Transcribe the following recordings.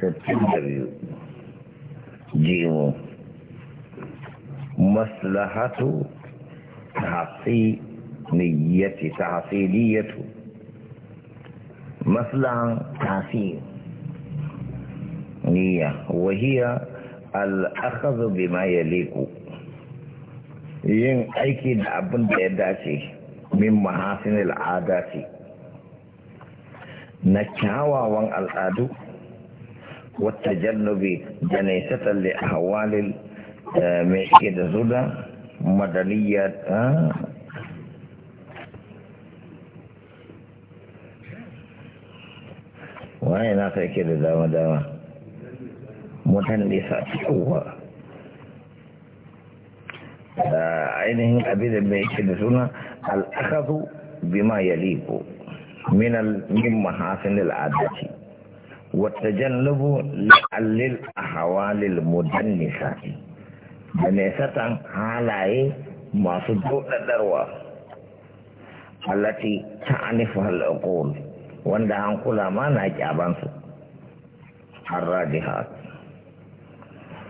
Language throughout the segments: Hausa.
62 jimu maslahatu tahsiliyati tahsiliyatu maslahan tahsil niyya wa hiya al-akhdhu bima yaliqu yin aiki da abin da ya dace min mahasin al'adati na kyawawan al'adu والتجنب جنيسة لأحوال المشكلة آه، زودا مدنية آه. وين أخي كده دا ما مدنسة هو عينه أبيد ميكيد زودا الأخذ بما يليق من من العادة watajallabu la'allil ahwalil mudannisa da ne satan halaye masu dodadarwa allati ta al-aqul wanda hankula ma na kyaban su harradihat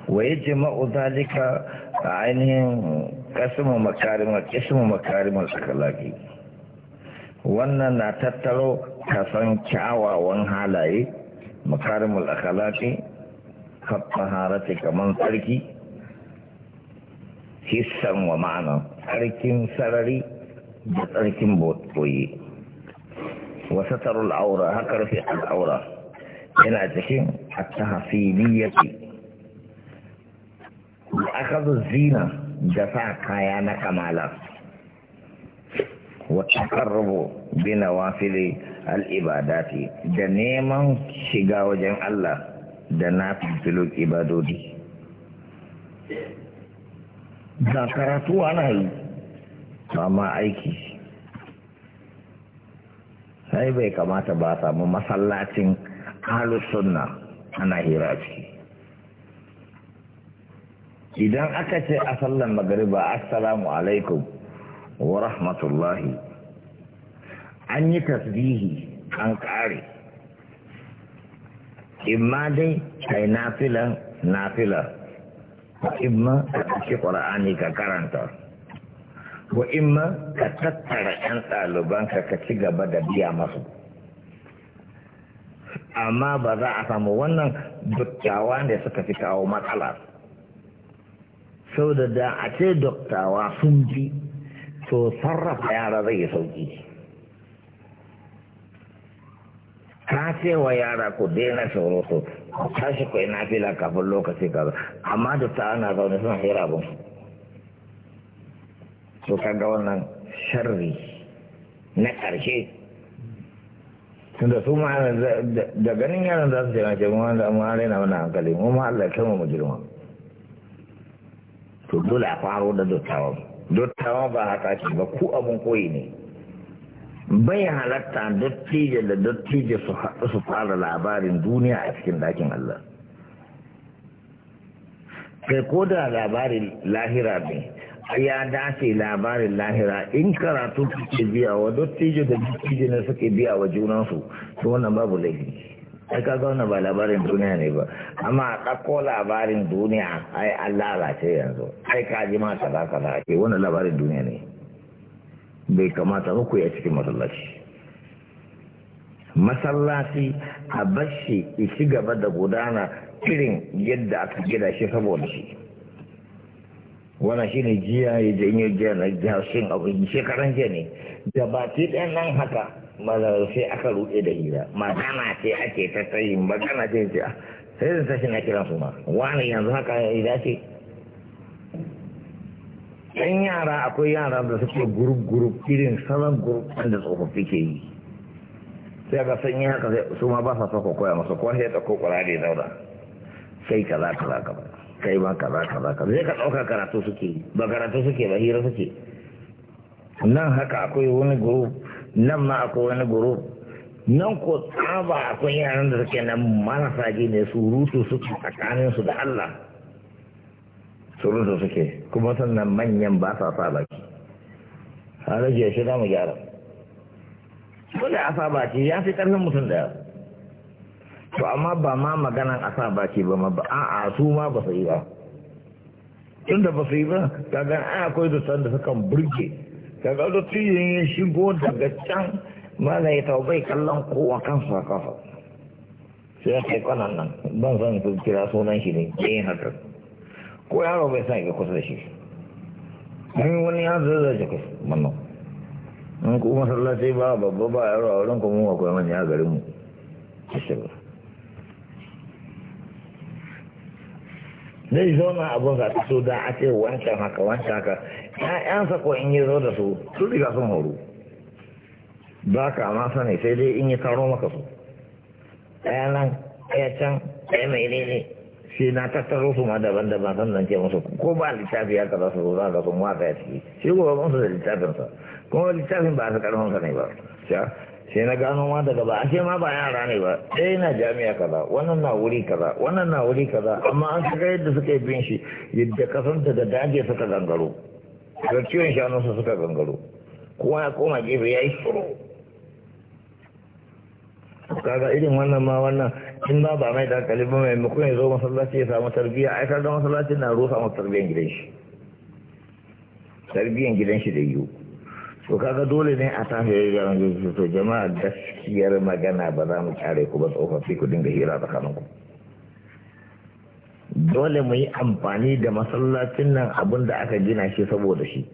wa yajma udhalika ainihin kasmu makarim kasmu makarim sakalaki wannan na tattaro kasan kyawawan halaye مكارم الاخلاقي خط فالطهارة كمن تركي حصا ومعنى تركي سرري تركي بوت كوي وستر العورة هكر في العورة هنا تكين حتى حصيبية واخذ الزينة جفا كيانا كمالا وتقربوا bina wafili al'ibadati da neman shiga wajen Allah da na filfilin ibadodi da karatu ana yi amma aiki sai bai kamata ba samu masallacin sunna ana hira ciki idan aka ce a sallan magariba assalamu alaikum wa rahmatullahi an yi tasbihi an kare imma dai kai nafilan ko imma ka ɗauki ƙura'ani ka karanta ko imma ka tattara 'yan ɗaliban ka ci gaba da biya masu amma ba za a samu wannan dukkawa ne suka fi kawo matsala sau da da a ce dukkawa sun ji to sarrafa yara zai sauki ka ce wa yara ku daina surutu ku tashi kai na fila kafin lokaci kaza amma da ta ana zaune suna hira bin ka kaga wannan sharri na ƙarshe tunda su ma da ganin yaran za su ce na ce mu wanda mu raina wani hankali mu ma Allah ya kama mu girma to dole a faro da dottawan dottawan ba haka ce ba ku abun koyi ne bai halatta dattijo da dattijo su fara labarin duniya a cikin dakin Allah kai ko da labarin lahira ne a ya dace labarin lahira in karatu ke biya wa dattijo da dattijo na suke biya wa junansu to wannan babu laifi ai ka zauna ba labarin duniya ne ba amma a ɗauko labarin duniya ai an lalace yanzu ai ka ji ma kaza kaza ake wannan labarin duniya ne bai kamata ba ku yi a cikin masallaci masallaci a bashi ci gaba da gudana irin yadda aka gida shi saboda shi wannan shi ne jiya ya jiya na jashin abin shekaran jiya ne da ba ce ɗan nan haka maza sai aka ruɗe da hira magana ce ake ta magana ce ce ah, sai da tashi na kiran su ma wani yanzu haka ya dace yan yara akwai yara da suke gurup-gurup irin salon gurup da tsofaffi ke yi sai ka sun yi haka su ma ba sa so ko koya masa ko sai ta ko kurare daura sai kaza kaza kaza kai ma kaza kaza kaza sai ka ɗauka karatu suke yi ba karatu suke ba hira suke nan haka akwai wani gurup nan ma akwai wani gurup nan ko tsaba akwai yaran da suke nan marasa ne surutu suke tsakaninsu da Allah surutu suke kuma sannan manyan ba sa sa baki a rage shi za mu gyara Su a sa baki ya fi karfin mutum daya to amma ba ma maganan asa sa baki ba ma ba su ma ba su yi ba tun da ba su yi ba kaga a akwai dutsen da sukan burge kaga da tiyin yin shigo daga can mana ya taubai kallon kowa kansa kafa sai ya kai kwanan nan ban san kira sunan shi ne yin eh, haka ko yaro bai sa ga kusa da shi in wani ya zo zai jaka wannan in ku masallaci ba babba ba yaro a wurin kuma akwai manya a garinmu zai zauna na za ka so da a ce wancan haka wancan haka ƴaƴansa ko in yi zo da su su riga sun horo ba ka ma sani sai dai in yi taro maka su ɗaya nan ɗaya can ɗaya mai ne sai na tattaro su ma daban-daban sannan ce musu ko ba littafi ya kaza su za ga sun watsa ya ciki shi gobe ban da littafin littafinsa kuma littafin ba a su karfinsa ne ba sai na gano ma daga ba ce ma ba yara ne ba ɗaya eh, na jami'a kaza wannan na wuri kaza wannan na wuri kaza amma an kaga yadda suka yi bin shi yadda kasanta da daji suka gangaro da ciwon shanunsa suka gangaro kowa ya koma gefe ya yi tsoro kaga irin wannan ma wannan in ba ba mai da hankali ba mai mukun ya zo masallaci ya samu tarbiyya ai da masallaci na rusa masa tarbiyyan gidan shi tarbiyyan gidan shi da yiwu to kaga dole ne a tafi ya garin ranzu to jama'a gaskiyar magana ba za mu kyare ku ba tsofaffi ku dinga hira tsakanin ku dole mu yi amfani da masallacin nan abin da aka gina shi saboda shi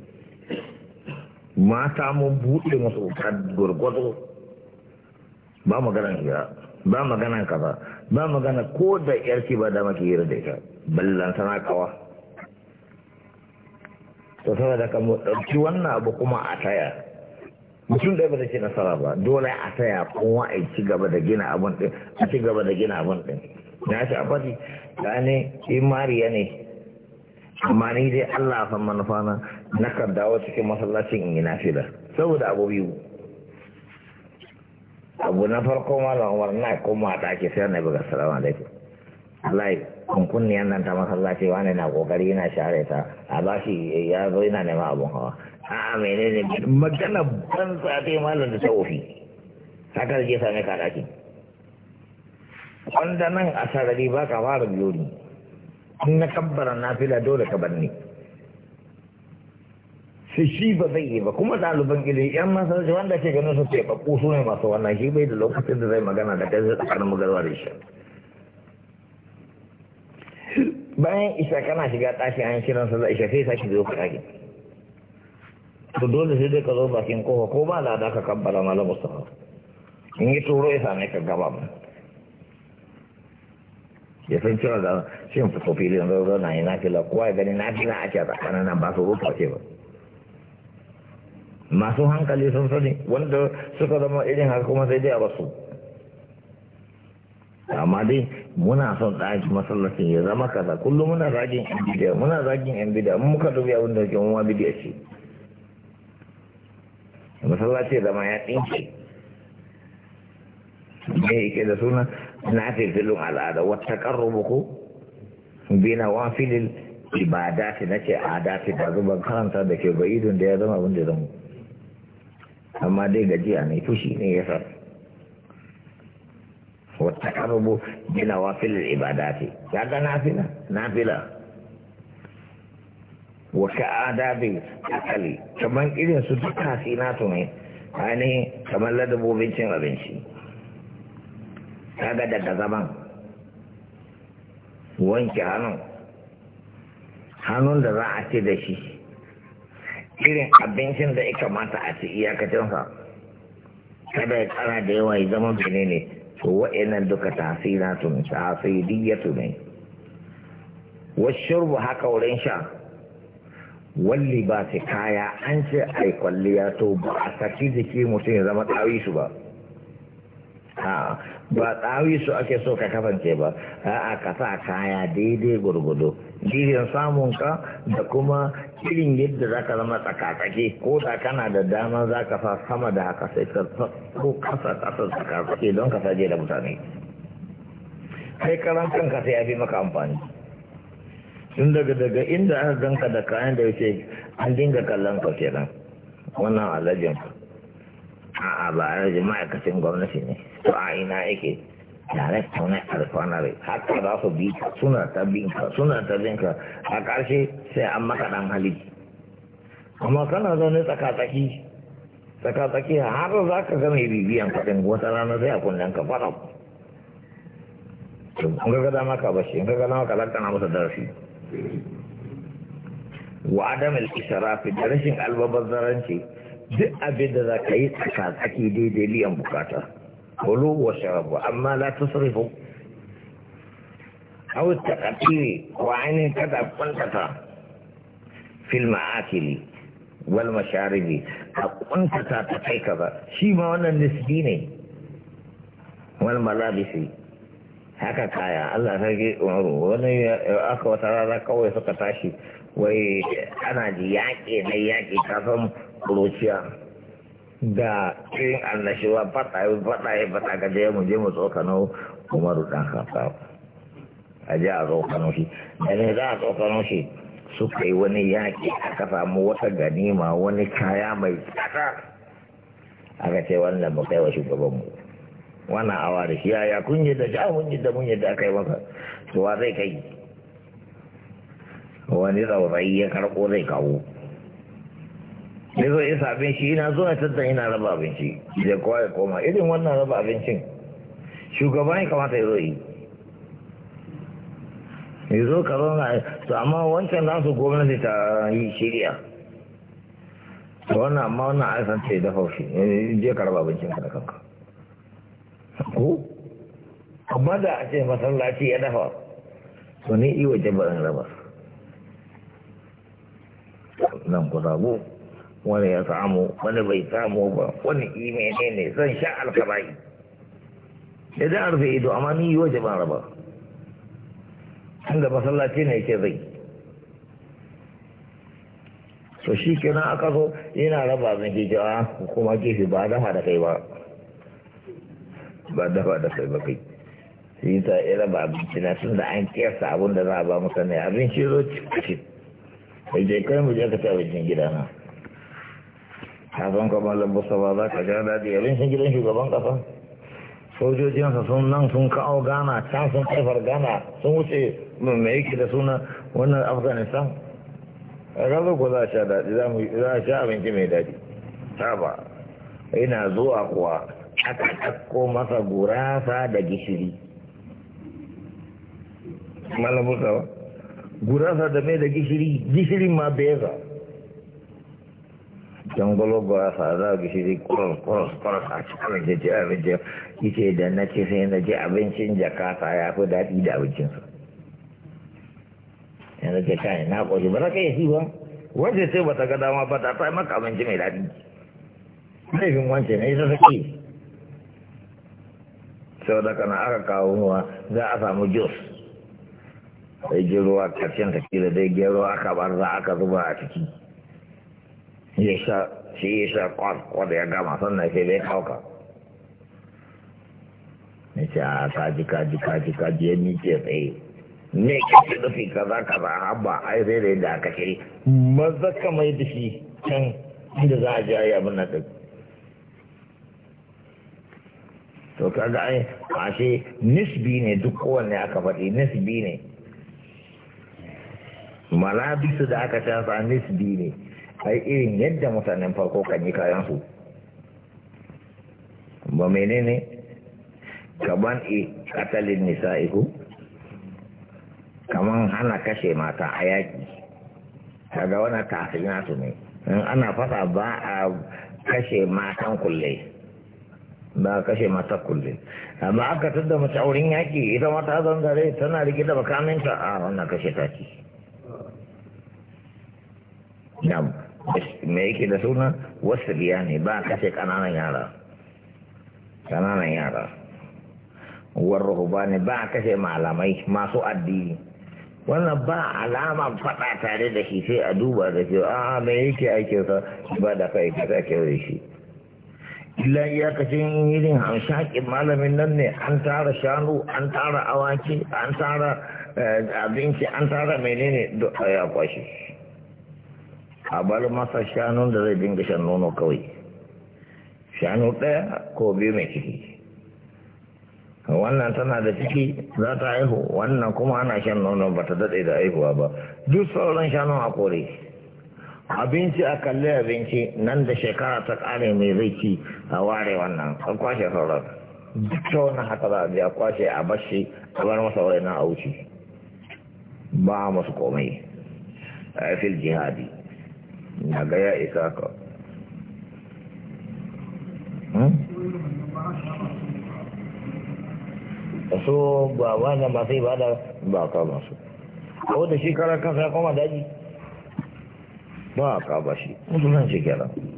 mata mun buɗe masu gurgurdo ba maganar hira ba magana ka ba ba magana ko da yarki ba da maki hira da ita ballan sana kawa to saboda ka dauki wannan abu kuma a taya mutum ɗaya ba da nasara ba dole a taya kowa a ci gaba da gina abun ɗin a ci gaba da gina abun ɗin na shi a da ne Mariya ne amma ni dai Allah san manufa na kan dawo cikin masallacin in yi nafila saboda abu biyu abu na farko malam umar na koma da ake sayar na buga salamu alaikum wallahi kunkunniyan nan ta masallaci wani na kokari yana share ta a bashi ya zo yana nema abun hawa a'a menene magana ban tsafe malam da ta ofi haka je same ka daki wanda nan a sarari ba ka fara biyo ni in na kabbara na fila dole ka bar ni sai shi ba zai yi ba kuma ɗaliban ilimi yan masarci wanda ke ganin su ce bakku su ne masu wannan shi bai da lokacin da zai magana da kai zai tsakanin magarwa da shi bayan isa kana shiga tashi an kiran sa za isa sai sake zai ka ɗaki to dole sai dai ka zo bakin kofa ko ba da ka kabbala malam mustafa in yi turo ya same ka gaba ba ya san cewa da shi fito filin zaura na yi nafila kowa ya gani na ake tsakanin nan ba su rufa ce ba masu hankali sun sani wanda suka zama irin haka kuma sai dai a basu amma dai muna son ɗaki masallacin ya zama kaza kullum muna zagin yan bidiyar muna zagin yan bidiyar mun muka dubi abin da ke muwa bidiyar ce masallaci zama ya tsinke ne yake da suna na filin al'ada wata karrubu ko bina wa filin ibadati na ce adafi ba zuban karanta da ke bayidun da ya zama abin da ya zama amma dai gajiya mai fushi ne ya sa wata karubu gina ibada ibadati ya ga nafila nafila wa ka'adabi akali kamar irin su duka sinatu ne ainihin kamar ladabobin cin abinci kaga daga zaman wanke hannun hannun da za a ce da shi irin abincin da ya kamata a ci iyakacinsa kada ya kara da yawa ya zama bene ne to wa'annan duka tasira tun tasiriyatu ne washurbu haka wurin sha walli ba ta kaya an ce ai kwalliya to ba a saki jiki mutum ya zama tsawisu ba ha ba tsawisu ake so ka kafance ba a'a ka sa kaya daidai gurgudu samun samunka da kuma irin yadda zaka ka zama tsakatsake ko da kana da dama zaka ka sama da haka sai ka ko kasa kasa tsakatsake don ka saje da mutane kai karan kanka sai ya fi maka amfani tun daga daga inda aka ganka da kayan da yake an dinga kallon ka kenan wannan alajin a'a ba alajin ma'aikacin gwamnati ne to a ina yake direct ne alfanare haka za su bi ka suna ta ka suna ta ka a ƙarshe sai an maka ɗan hali amma kana zaune tsaka-tsaki tsaka-tsaki har za ka ga mai bibiyan kuɗin wata rana sai a kunnen ka fara in ka ga dama ka bashi in ka gada maka ka na masa darasi wa adam al-israfi da rashin zaranci duk abin da za ka yi tsaka-tsaki daidai liyan bukata kulu wa sharabu amma la tusrifu aw taqati wa ani kada kuntata fil ma'akili wal masharibi a kuntata ta kai ka ba shi ma wannan nisbi ne wal Labisi, haka kaya Allah ta ge umaru wani aka wata rana kawai suka tashi wai ana ji yaƙi na yaƙi kafin kuruciya da cikin annashiwa faɗaye yi faɗa ka je mu je mu tsokano umaru ɗan kafa a je a tsokano shi da ne za a kano shi suka yi wani yaƙi aka samu wata ganima wani kaya mai tsada aka ce wannan ba kai wa shugabanmu wana awa da shi yaya kun yi da sha mun yi da mun yi da aka yi masa to wa zai kai wani zaurayi ya karɓo zai kawo ya zo isa sa abinci yana zuwa tattan yana raba abinci da kowa ya koma irin wannan raba abincin shugaba ya kamata ya zo yi ya zo ka na su amma wancan nasu gwamnati ta yi shirya wannan amma wannan aisan ce da haushi je ka raba abincin ka da kanka ko amma da a ce masallaci ya dafa to ne iwa jabarin raba nan ku rabu wani ya samu wani bai samu ba wani imene ne zan sha alkabai da da arfe ido amma ni yi waje ban raba An da masallaci ne yake zai to shi kenan aka zo yana raba zan ke jawa kuma gefe ba dafa da kai ba ba dafa da kai ba kai sai yi ta yi raba abinci na tun da an kiyasta abin da za a ba musamman abinci zo cikin kai je kai mu je ka ci abincin gidana kafin ka malam Mustapha za ka ja daɗi abin shi gidan shugaban ƙasa sojojinsa sun nan sun kawo Ghana can sun haifar Ghana sun wuce mai yake da suna wannan Afghanistan ranar ko za a sha daɗi za a sha abinci mai daɗi ta ba ina zuwa kuwa aka ɗakko masa gurasa da gishiri malam Mustapha gurasa da mai da gishiri gishirin ma beza jangolo gurasa za ga shi kuros kuros kuros a cikin abinci abinci yake da na ce sai na ji abincin jakata ya fi daɗi da abincin abincinsa yanzu ke kayan na ƙoshi ba za ka yi shi ba wajen sai ba ta ga dama ba ta ta maka abinci mai daɗi laifin wance ne ita sake sau da kana aka kawo ruwa za a samu jos sai ji ruwa karshen ta kila dai gero aka barza aka zuba a ciki ya sha shi ya sha kwan wanda ya gama sannan sai bai kauka ya ce a kaji kaji kaji kaji ya mice tsaye ne ke ce nufi kaza kaza haba ai zai da yadda aka shiri maza ka mai da shi can inda za a ji ayi abin nan to kaga ai ashe nisbi ne duk kowanne aka faɗi nisbi ne malabisu da aka shafa nisbi ne ai irin yadda mutanen farko kan yi kayan su ba menene gaban e katalin nisa'iku kaman hana kashe mata a yaƙi kaga wani tasirin su ne in ana fasa ba a kashe matan kulle ba a kashe matan kulle amma aka tudda mace auren yaƙi ita mata gare tana rike da bakaminta a wannan kashe ta Yam. me yake da suna wasu biya ne ba kashe kananan yara kananan yara ba ne ba kashe malamai masu addini wannan ba alama faɗa tare da shi sai a duba da ke a ah, me yake aikinsa ba da kai ka sake da shi illa iyakacin irin hamshakin malamin nan ne an tara shanu an tara awaki an tara eh, abinci an tara menene duk ya kwashe a bar masa shanun da zai dinga shan nono kawai shanu ɗaya ko biyu mai ciki wannan tana da ciki za ta haihu wannan kuma ana shan nono ba ta daɗe da haihuwa ba duk sauran shanun a kore abinci a kalli abinci nan da shekara ta ƙare mai zai ci a ware wannan a kwashe sauran duk ta wani haka za a biya kwashe a bashi a bar masa wani na a wuce ba masu komai a fil jihadi na ga ya isa ka hmm? so ba wannan ba sai ba da ba ka ba su ko da shi karar kansa ya koma daji ba ka ba shi mutum nan shi kenan